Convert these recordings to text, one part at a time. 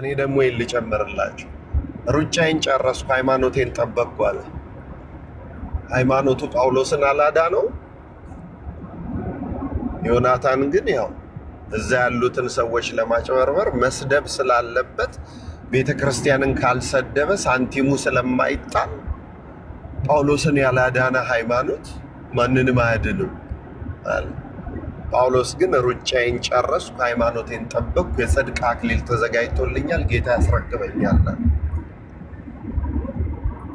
እኔ ደግሞ ይህን ልጨምርላችሁ። ሩጫዬን ጨረስኩ፣ ሃይማኖቴን ጠበቅኩ አለ። ሃይማኖቱ ጳውሎስን አላዳ ነው። ዮናታን ግን ያው እዛ ያሉትን ሰዎች ለማጭበርበር መስደብ ስላለበት ቤተ ክርስቲያንን ካልሰደበ ሳንቲሙ ስለማይጣል ጳውሎስን ያላዳነ ሃይማኖት ማንንም አያድንም አለ። ጳውሎስ ግን ሩጫዬን ጨረስኩ፣ ሃይማኖቴን ጠበቅኩ፣ የጽድቅ አክሊል ተዘጋጅቶልኛል፣ ጌታ ያስረክበኛል።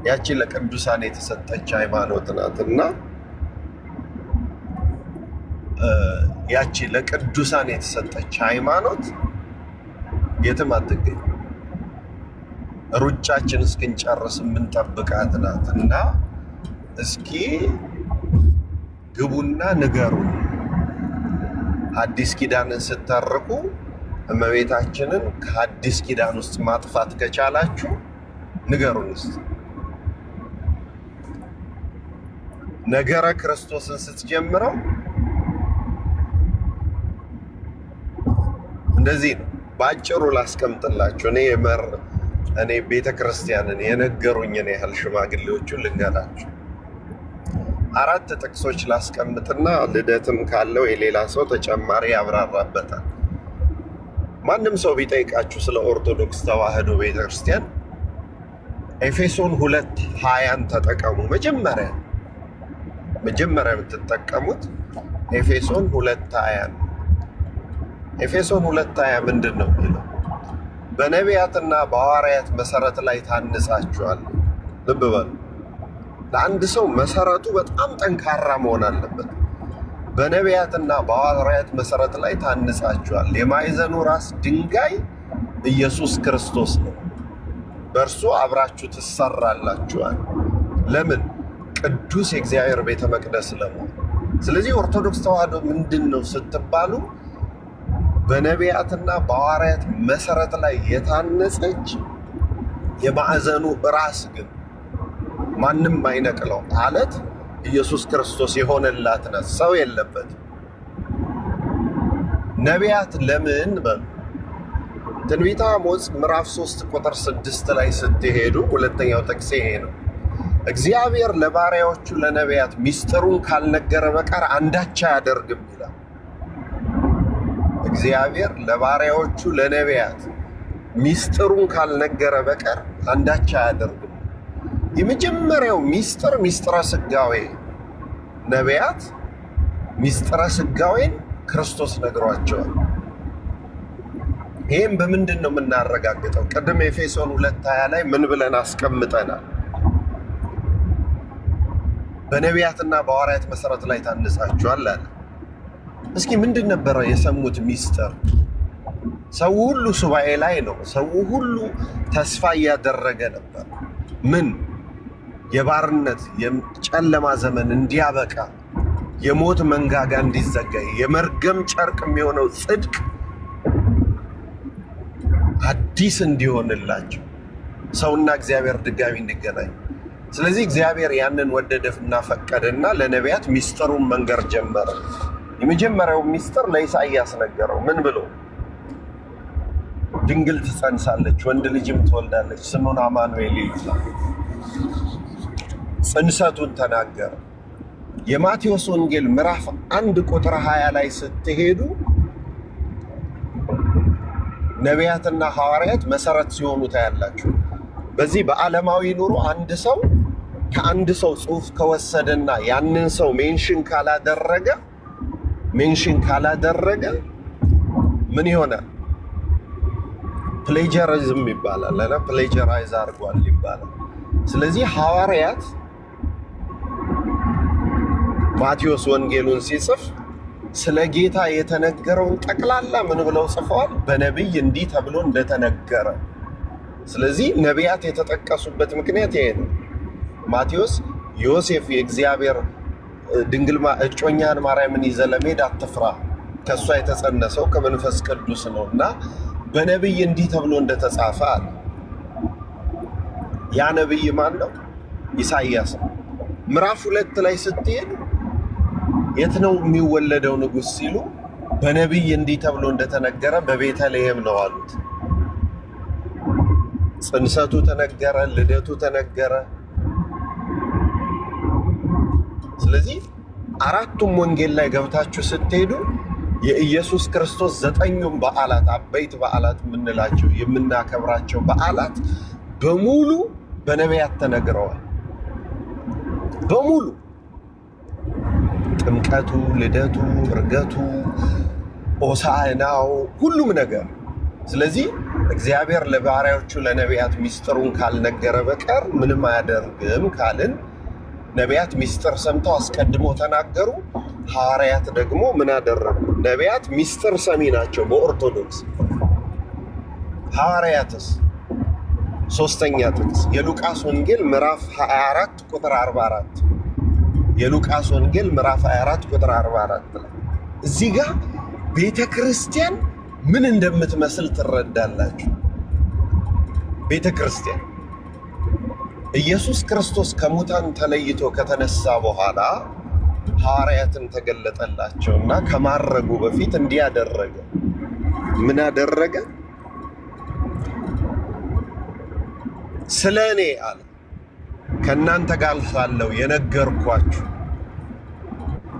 ያቺ ለቅዱሳን የተሰጠች ሃይማኖት ናት እና ያቺ ለቅዱሳን የተሰጠች ሃይማኖት የትም አትገኝ። ሩጫችን እስክንጨርስ የምንጠብቃት ናት እና እስኪ ግቡና ንገሩን አዲስ ኪዳንን ስታርቁ እመቤታችንን ከአዲስ ኪዳን ውስጥ ማጥፋት ከቻላችሁ ንገሩንስ። ነገረ ክርስቶስን ስትጀምረው እንደዚህ ነው። በአጭሩ ላስቀምጥላችሁ። እኔ የመር እኔ ቤተ ክርስቲያንን የነገሩኝን ያህል ሽማግሌዎቹን ልንገራችሁ። አራት ጥቅሶች ላስቀምጥና ልደትም ካለው የሌላ ሰው ተጨማሪ ያብራራበታል። ማንም ሰው ቢጠይቃችሁ ስለ ኦርቶዶክስ ተዋህዶ ቤተክርስቲያን ኤፌሶን ሁለት ሀያን ተጠቀሙ። መጀመሪያ መጀመሪያ የምትጠቀሙት ኤፌሶን ሁለት ሀያ ነው። ኤፌሶን ሁለት ሀያ ምንድን ነው የሚለው? በነቢያትና በሐዋርያት መሰረት ላይ ታንጻችኋል። ልብ በሉ ለአንድ ሰው መሰረቱ በጣም ጠንካራ መሆን አለበት። በነቢያትና በሐዋርያት መሰረት ላይ ታንጻችኋል። የማዕዘኑ ራስ ድንጋይ ኢየሱስ ክርስቶስ ነው። በእርሱ አብራችሁ ትሰራላችኋል። ለምን? ቅዱስ የእግዚአብሔር ቤተ መቅደስ ለመሆን። ስለዚህ ኦርቶዶክስ ተዋህዶ ምንድን ነው ስትባሉ በነቢያትና በሐዋርያት መሰረት ላይ የታነጸች የማዕዘኑ ራስ ግን ማንም ማይነቅለው አለት ኢየሱስ ክርስቶስ የሆነላት ነ ሰው የለበት። ነቢያት ለምን ትንቢተ አሞጽ ምዕራፍ 3 ቁጥር 6 ላይ ስትሄዱ ሁለተኛው ጥቅስ ይሄ ነው። እግዚአብሔር ለባሪያዎቹ ለነቢያት ሚስጥሩን ካልነገረ በቀር አንዳች አያደርግም ይላል። እግዚአብሔር ለባሪያዎቹ ለነቢያት ሚስጥሩን ካልነገረ በቀር አንዳች አያደርግም። የመጀመሪያው ሚስጥር ሚስጥረ ስጋዌ ነቢያት ሚስጥረ ስጋዌን ክርስቶስ ነግሯቸዋል። ይህም በምንድን ነው የምናረጋግጠው? ቅድም ኤፌሶን ሁለት ሀያ ላይ ምን ብለን አስቀምጠናል? በነቢያትና በሐዋርያት መሰረት ላይ ታንጻችኋል አለ። እስኪ ምንድን ነበረ የሰሙት ሚስጥር? ሰው ሁሉ ሱባኤ ላይ ነው። ሰው ሁሉ ተስፋ እያደረገ ነበር። ምን የባርነት የጨለማ ዘመን እንዲያበቃ የሞት መንጋጋ እንዲዘጋ የመርገም ጨርቅ የሚሆነው ጽድቅ አዲስ እንዲሆንላቸው ሰውና እግዚአብሔር ድጋሚ እንዲገናኝ። ስለዚህ እግዚአብሔር ያንን ወደደፍና ፈቀደና ለነቢያት ሚስጥሩን መንገር ጀመረ። የመጀመሪያው ሚስጥር ለኢሳይያስ ነገረው። ምን ብሎ? ድንግል ትጸንሳለች፣ ወንድ ልጅም ትወልዳለች፣ ስሙን አማኑኤል ይሉታል። ጽንሰቱን ተናገረ። የማቴዎስ ወንጌል ምዕራፍ አንድ ቁጥር 20 ላይ ስትሄዱ ነቢያትና ሐዋርያት መሰረት ሲሆኑ ታያላችሁ። በዚህ በዓለማዊ ኑሮ አንድ ሰው ከአንድ ሰው ጽሑፍ ከወሰደና ያንን ሰው ሜንሽን ካላደረገ ሜንሽን ካላደረገ ምን ይሆናል? ፕሌጀራይዝም ይባላል። ፕሌጀራይዝ አድርጓል ይባላል። ስለዚህ ሐዋርያት ማቴዎስ ወንጌሉን ሲጽፍ ስለ ጌታ የተነገረውን ጠቅላላ ምን ብለው ጽፈዋል? በነቢይ እንዲህ ተብሎ እንደተነገረ። ስለዚህ ነቢያት የተጠቀሱበት ምክንያት ይሄ ነው። ማቴዎስ ዮሴፍ የእግዚአብሔር ድንግል እጮኛን ማርያምን ይዘ ለመሄድ አትፍራ፣ ከእሷ የተጸነሰው ከመንፈስ ቅዱስ ነው እና በነቢይ እንዲህ ተብሎ እንደተጻፈ አለ። ያ ነቢይ ማን ነው? ኢሳይያስ ነው። ምዕራፍ ሁለት ላይ ስትሄድ የት ነው የሚወለደው ንጉስ ሲሉ በነቢይ እንዲህ ተብሎ እንደተነገረ በቤተልሔም ነው አሉት። ጽንሰቱ ተነገረ፣ ልደቱ ተነገረ። ስለዚህ አራቱም ወንጌል ላይ ገብታችሁ ስትሄዱ የኢየሱስ ክርስቶስ ዘጠኙም በዓላት አበይት በዓላት የምንላቸው የምናከብራቸው በዓላት በሙሉ በነቢያት ተነግረዋል በሙሉ ጥምቀቱ፣ ልደቱ፣ እርገቱ፣ ኦሳናው ሁሉም ነገር። ስለዚህ እግዚአብሔር ለባሪያዎቹ ለነቢያት ሚስጥሩን ካልነገረ በቀር ምንም አያደርግም ካልን ነቢያት ሚስጥር ሰምተው አስቀድሞ ተናገሩ። ሐዋርያት ደግሞ ምን አደረጉ? ነቢያት ሚስጥር ሰሚ ናቸው በኦርቶዶክስ። ሐዋርያትስ? ሶስተኛ ጥቅስ የሉቃስ ወንጌል ምዕራፍ 24 ቁጥር 44 የሉቃስ ወንጌል ምዕራፍ 24 ቁጥር 44 ላይ እዚህ ጋር ቤተ ክርስቲያን ምን እንደምትመስል ትረዳላችሁ። ቤተ ክርስቲያን ኢየሱስ ክርስቶስ ከሙታን ተለይቶ ከተነሳ በኋላ ሐዋርያትን ተገለጠላቸው እና ከማረጉ በፊት እንዲህ አደረገ። ምን አደረገ? ስለ እኔ አለ ከእናንተ ጋር ሳለው የነገርኳችሁ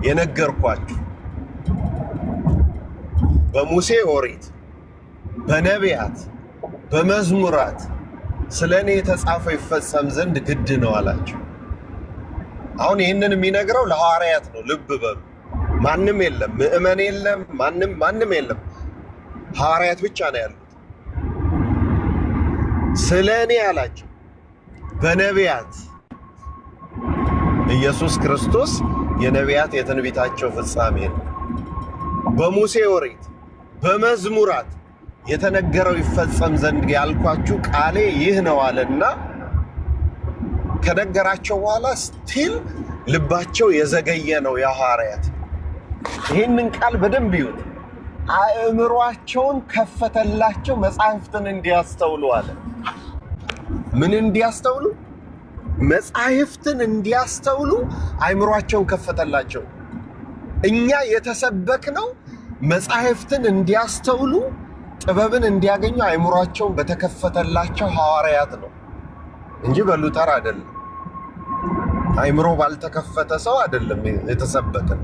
የነገርኳችሁ በሙሴ ኦሪት፣ በነቢያት፣ በመዝሙራት ስለ እኔ የተጻፈው ይፈጸም ዘንድ ግድ ነው አላቸው። አሁን ይህንን የሚነግረው ለሐዋርያት ነው። ልብ በሉ። ማንም የለም፣ ምእመን የለም፣ ማንም ማንም የለም። ሐዋርያት ብቻ ነው ያሉት። ስለ እኔ አላቸው በነቢያት ኢየሱስ ክርስቶስ የነቢያት የትንቢታቸው ፍጻሜ ነው። በሙሴ ወሬት በመዝሙራት የተነገረው ይፈጸም ዘንድ ያልኳችሁ ቃሌ ይህ ነው አለና ከነገራቸው በኋላ ስቲል ልባቸው የዘገየ ነው። የሐዋርያት ይህንን ቃል በደንብ ይሁን አእምሯቸውን ከፈተላቸው፣ መጽሐፍትን እንዲያስተውሉ አለ። ምን እንዲያስተውሉ መጻሕፍትን እንዲያስተውሉ አይምሯቸውን ከፈተላቸው። እኛ የተሰበክነው መጻሕፍትን እንዲያስተውሉ ጥበብን እንዲያገኙ አይምሯቸውን በተከፈተላቸው ሐዋርያት ነው እንጂ በሉተር አይደለም። አይምሮ ባልተከፈተ ሰው አይደለም የተሰበክን።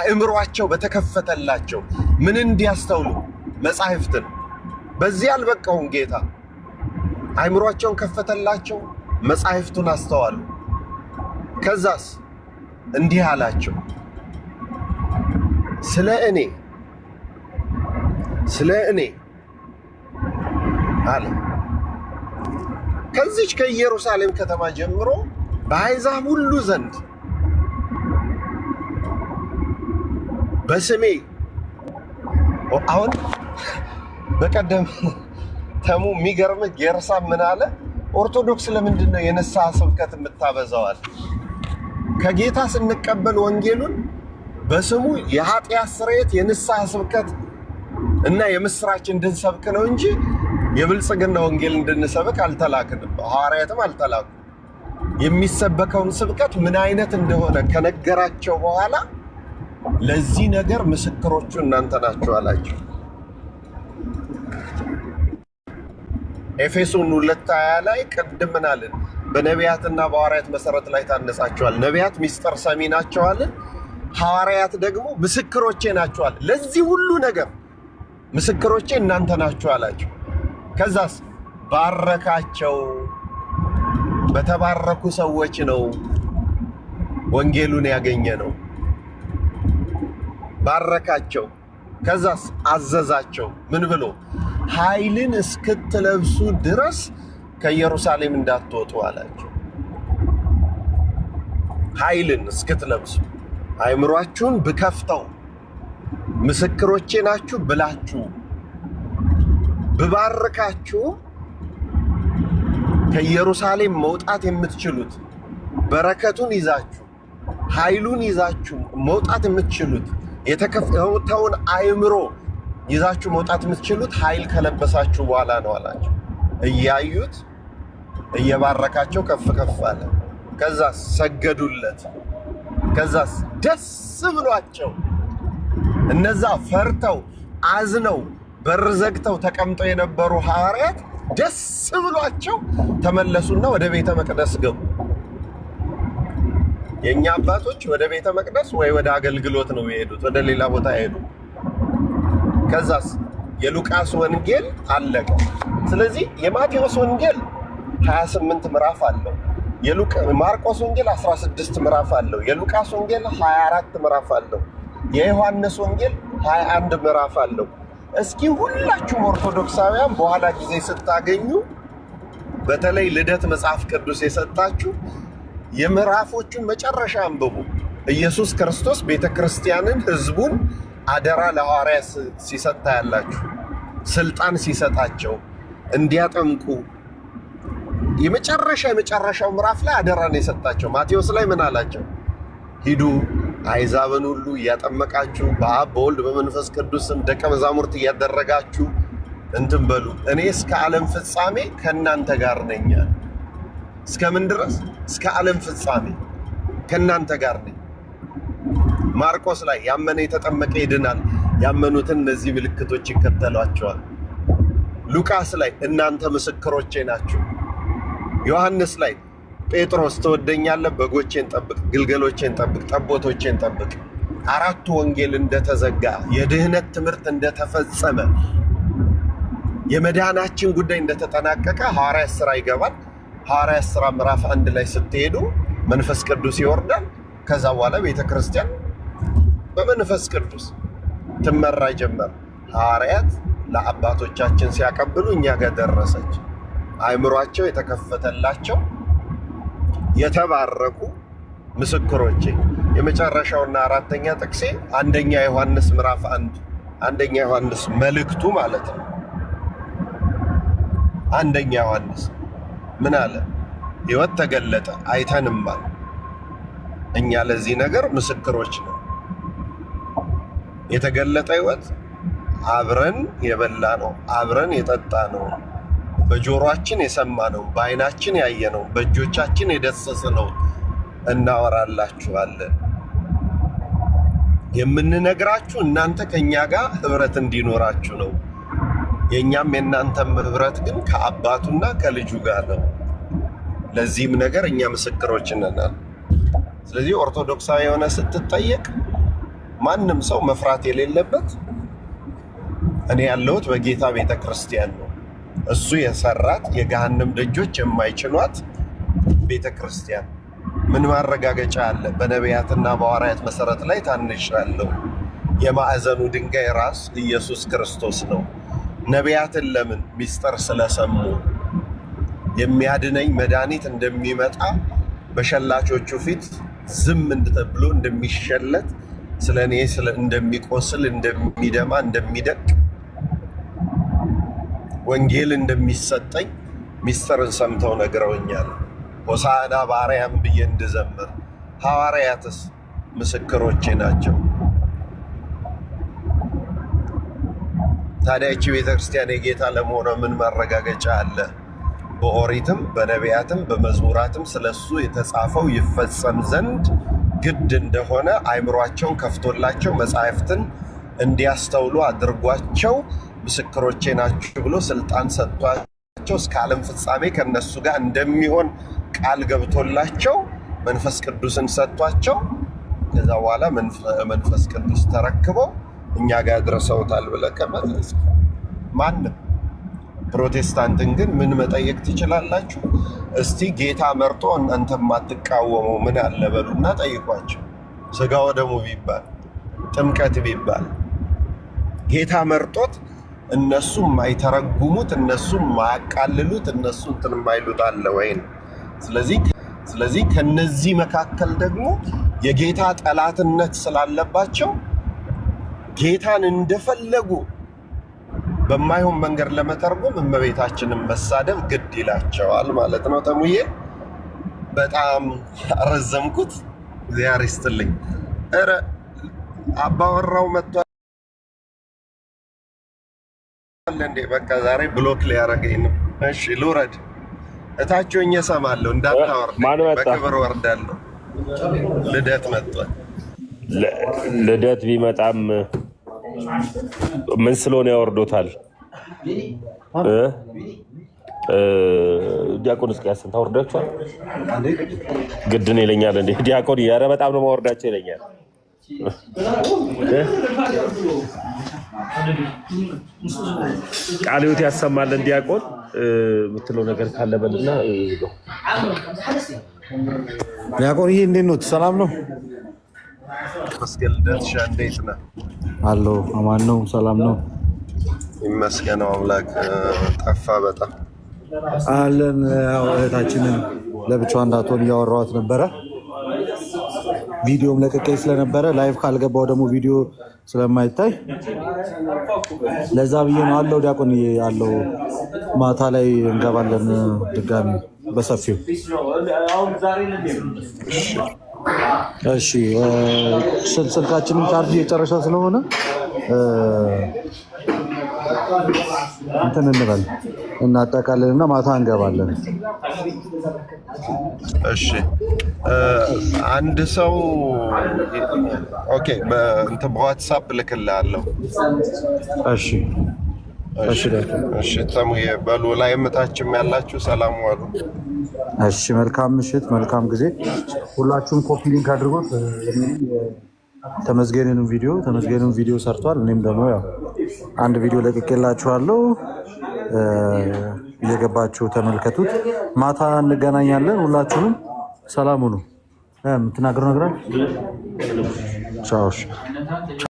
አእምሯቸው በተከፈተላቸው ምን እንዲያስተውሉ መጻሕፍትን። በዚህ አልበቃውም ጌታ አይምሯቸውን ከፈተላቸው፣ መጻሕፍቱን አስተዋሉ። ከዛስ እንዲህ አላቸው፣ ስለ እኔ ስለ እኔ አለ። ከዚች ከኢየሩሳሌም ከተማ ጀምሮ በአሕዛብ ሁሉ ዘንድ በስሜ አሁን በቀደም ተሙ የሚገርምህ ጌርሳ ምን አለ? ኦርቶዶክስ ለምንድን ነው የንስሐ ስብከት የምታበዛዋል? ከጌታ ስንቀበል ወንጌሉን በስሙ የኃጢአት ስርየት የንስሐ ስብከት እና የምስራች እንድንሰብክ ነው እንጂ የብልጽግና ወንጌል እንድንሰብክ አልተላክንም። ሐዋርያትም አልተላኩ። የሚሰበከውን ስብከት ምን አይነት እንደሆነ ከነገራቸው በኋላ ለዚህ ነገር ምስክሮቹ እናንተ ናችሁ አላቸው። ኤፌሶን ሁለት ሀያ ላይ ቅድም ምን አልን? በነቢያትና በሐዋርያት መሰረት ላይ ታነሳቸዋል ነቢያት ሚስጥር ሰሚ ናቸዋልን፣ ሐዋርያት ደግሞ ምስክሮቼ ናቸዋል። ለዚህ ሁሉ ነገር ምስክሮቼ እናንተ ናችሁ አላቸው። ከዛስ ባረካቸው። በተባረኩ ሰዎች ነው ወንጌሉን ያገኘ ነው። ባረካቸው። ከዛስ አዘዛቸው ምን ብሎ ኃይልን እስክትለብሱ ድረስ ከኢየሩሳሌም እንዳትወጡ አላቸው። ኃይልን እስክትለብሱ አእምሯችሁን ብከፍተው ምስክሮቼ ናችሁ ብላችሁ ብባርካችሁ ከኢየሩሳሌም መውጣት የምትችሉት በረከቱን ይዛችሁ ኃይሉን ይዛችሁ መውጣት የምትችሉት የተከፈተውን አይምሮ ይዛችሁ መውጣት የምትችሉት ኃይል ከለበሳችሁ በኋላ ነው አላቸው። እያዩት እየባረካቸው ከፍ ከፍ አለ። ከዛስ ሰገዱለት። ከዛስ ደስ ብሏቸው እነዛ ፈርተው አዝነው በር ዘግተው ተቀምጠው የነበሩ ሐዋርያት ደስ ብሏቸው ተመለሱና ወደ ቤተ መቅደስ ገቡ። የእኛ አባቶች ወደ ቤተ መቅደስ ወይ ወደ አገልግሎት ነው የሄዱት፣ ወደ ሌላ ቦታ አይሄዱም። ከዛስ የሉቃስ ወንጌል አለቀ። ስለዚህ የማቴዎስ ወንጌል 28 ምዕራፍ አለው። ማርቆስ ወንጌል 16 ምዕራፍ አለው። የሉቃስ ወንጌል 24 ምዕራፍ አለው። የዮሐንስ ወንጌል 21 ምዕራፍ አለው። እስኪ ሁላችሁም ኦርቶዶክሳውያን በኋላ ጊዜ ስታገኙ በተለይ ልደት መጽሐፍ ቅዱስ የሰጣችሁ የምዕራፎቹን መጨረሻ አንብቡ። ኢየሱስ ክርስቶስ ቤተ ክርስቲያንን፣ ሕዝቡን አደራ ለሐዋርያ ሲሰጥ ታያላችሁ። ስልጣን ሲሰጣቸው እንዲያጠምቁ የመጨረሻ የመጨረሻው ምዕራፍ ላይ አደራ ነው የሰጣቸው። ማቴዎስ ላይ ምን አላቸው? ሂዱ አይዛብን ሁሉ እያጠመቃችሁ በአብ በወልድ በመንፈስ ቅዱስም ደቀ መዛሙርት እያደረጋችሁ እንትን በሉ እኔ እስከ ዓለም ፍጻሜ ከእናንተ ጋር ነኝ። እስከ ምን ድረስ? እስከ ዓለም ፍጻሜ ከእናንተ ጋር ነኝ። ማርቆስ ላይ ያመነ የተጠመቀ ይድናል፣ ያመኑትን እነዚህ ምልክቶች ይከተሏቸዋል። ሉቃስ ላይ እናንተ ምስክሮቼ ናችሁ። ዮሐንስ ላይ ጴጥሮስ ትወደኛለህ፣ በጎቼን ጠብቅ፣ ግልገሎቼን ጠብቅ፣ ጠቦቶቼን ጠብቅ። አራቱ ወንጌል እንደተዘጋ፣ የድህነት ትምህርት እንደተፈጸመ፣ የመዳናችን ጉዳይ እንደተጠናቀቀ ሐዋርያት ሥራ ይገባል። ሐዋርያት ሥራ ምዕራፍ አንድ ላይ ስትሄዱ መንፈስ ቅዱስ ይወርዳል። ከዛ በኋላ ቤተ ክርስቲያን በመንፈስ ቅዱስ ትመራ ጀመር። ሐዋርያት ለአባቶቻችን ሲያቀብሉ እኛ ጋር ደረሰች። አይምሯቸው የተከፈተላቸው የተባረኩ ምስክሮቼ። የመጨረሻውና አራተኛ ጥቅሴ አንደኛ ዮሐንስ ምዕራፍ አንድ አንደኛ ዮሐንስ መልእክቱ ማለት ነው። አንደኛ ዮሐንስ ምን አለ? ሕይወት ተገለጠ አይተንማል፣ እኛ ለዚህ ነገር ምስክሮች ነው። የተገለጠ ህይወት አብረን የበላ ነው፣ አብረን የጠጣ ነው፣ በጆሮችን የሰማ ነው፣ በአይናችን ያየ ነው፣ በእጆቻችን የደሰሰ ነው እናወራላችኋለን። የምንነግራችሁ እናንተ ከእኛ ጋር ህብረት እንዲኖራችሁ ነው። የእኛም የእናንተም ህብረት ግን ከአባቱና ከልጁ ጋር ነው። ለዚህም ነገር እኛ ምስክሮች ነን። ስለዚህ ኦርቶዶክሳዊ የሆነ ስትጠየቅ ማንም ሰው መፍራት የሌለበት እኔ ያለሁት በጌታ ቤተ ክርስቲያን ነው። እሱ የሰራት የገሃንም ደጆች የማይችሏት ቤተ ክርስቲያን ምን ማረጋገጫ አለ? በነቢያትና በሐዋርያት መሰረት ላይ ታንሻለሁ። የማዕዘኑ ድንጋይ ራስ ኢየሱስ ክርስቶስ ነው። ነቢያትን ለምን ሚስጥር ስለሰሙ የሚያድነኝ መድኃኒት እንደሚመጣ በሸላቾቹ ፊት ዝም እንድተብሎ እንደሚሸለት ስለ እኔ እንደሚቆስል፣ እንደሚደማ፣ እንደሚደቅ ወንጌል እንደሚሰጠኝ ሚስጥርን ሰምተው ነግረውኛል። ሆሳዕና በአርያም ብዬ እንድዘምር ሐዋርያትስ ምስክሮቼ ናቸው። ታዲያ ይቺ ቤተ ክርስቲያን የጌታ ለመሆኗ ምን ማረጋገጫ አለ? በኦሪትም በነቢያትም በመዝሙራትም ስለሱ የተጻፈው ይፈጸም ዘንድ ግድ እንደሆነ አይምሯቸውን ከፍቶላቸው መጽሐፍትን እንዲያስተውሉ አድርጓቸው ምስክሮቼ ናችሁ ብሎ ስልጣን ሰጥቷቸው እስከ ዓለም ፍጻሜ ከነሱ ጋር እንደሚሆን ቃል ገብቶላቸው መንፈስ ቅዱስን ሰጥቷቸው ከዛ በኋላ መንፈስ ቅዱስ ተረክበው እኛ ጋር ድረሰውታል ብለህ ከመለስ ማንም ፕሮቴስታንትን ግን ምን መጠየቅ ትችላላችሁ? እስቲ ጌታ መርጦ እናንተ የማትቃወመው ምን አለ በሉና ጠይቋቸው። ስጋ ወደሙ ቢባል ጥምቀት ቢባል ጌታ መርጦት እነሱ የማይተረጉሙት እነሱ የማያቃልሉት እነሱ እንትን የማይሉት አለ ወይ ነው። ስለዚህ ስለዚህ ከነዚህ መካከል ደግሞ የጌታ ጠላትነት ስላለባቸው ጌታን እንደፈለጉ በማይሆን መንገድ ለመተርጎም እመቤታችንን መሳደብ ግድ ይላቸዋል ማለት ነው። ተሙዬ በጣም ረዘምኩት። እግዚአብሔር ይስጥልኝ። ኧረ አባወራው መጥቷል እንዴ! በቃ ዛሬ ብሎክ ሊያረገኝ ነው። እሺ ልውረድ። እታች ሆኜ እሰማለሁ። እንዳታወርድ በክብር ወርዳለሁ። ልደት መጥቷል። ልደት ቢመጣም ምን ስለሆነ ያወርዶታል? ዲያቆን እስቅያስን ታወርዳችኋል? ግድን ይለኛል እንዴ ዲያቆን? ያረ በጣም ነው ማወርዳቸው ይለኛል። ቃለ ሕይወት ያሰማልን ዲያቆን። የምትለው ነገር ካለ በልና ዲያቆን። ይህ እንዴት ነው? ሰላም ነው መስገን ደትሻ እንዴት ነህ? አለሁ። አማን ነው፣ ሰላም ነው ይመስገነው አምላክ። ጠፋ በጣም አለን። እህታችንን ለብቻዋ እንዳትሆን እያወራኋት ነበረ። ቪዲዮም ለቅቄ ስለነበረ ላይፍ ካልገባው ደግሞ ቪዲዮ ስለማይታይ ለዛ ብዬ ነው። አለው ዲያቆን አለው። ማታ ላይ እንገባለን ድጋሚ በሰፊው እሺ ስልካችንም ቻርጅ እየጨረሰ ስለሆነ እንትን እንበል እናጠቃለን እና ማታ እንገባለን። እሺ አንድ ሰው ኦኬ፣ እንትን በዋትሳፕ ልክልሃለሁ። እሺ እሺ፣ ተሙዬ በሉ ላይ እምታችም ያላችሁ ሰላም ዋሉ። እሺ፣ መልካም ምሽት፣ መልካም ጊዜ። ሁላችሁም ኮፒ ሊንክ አድርጎት። ተመዝገንንም ቪዲዮ ተመዝገንንም ቪዲዮ ሰርቷል። እኔም ደግሞ ያው አንድ ቪዲዮ ለቅቄላችኋለሁ እየገባችሁ ተመልከቱት። ማታ እንገናኛለን። ሁላችሁንም ሰላም ሁኑ። የምትናገረው ነገር አለ? ቻው።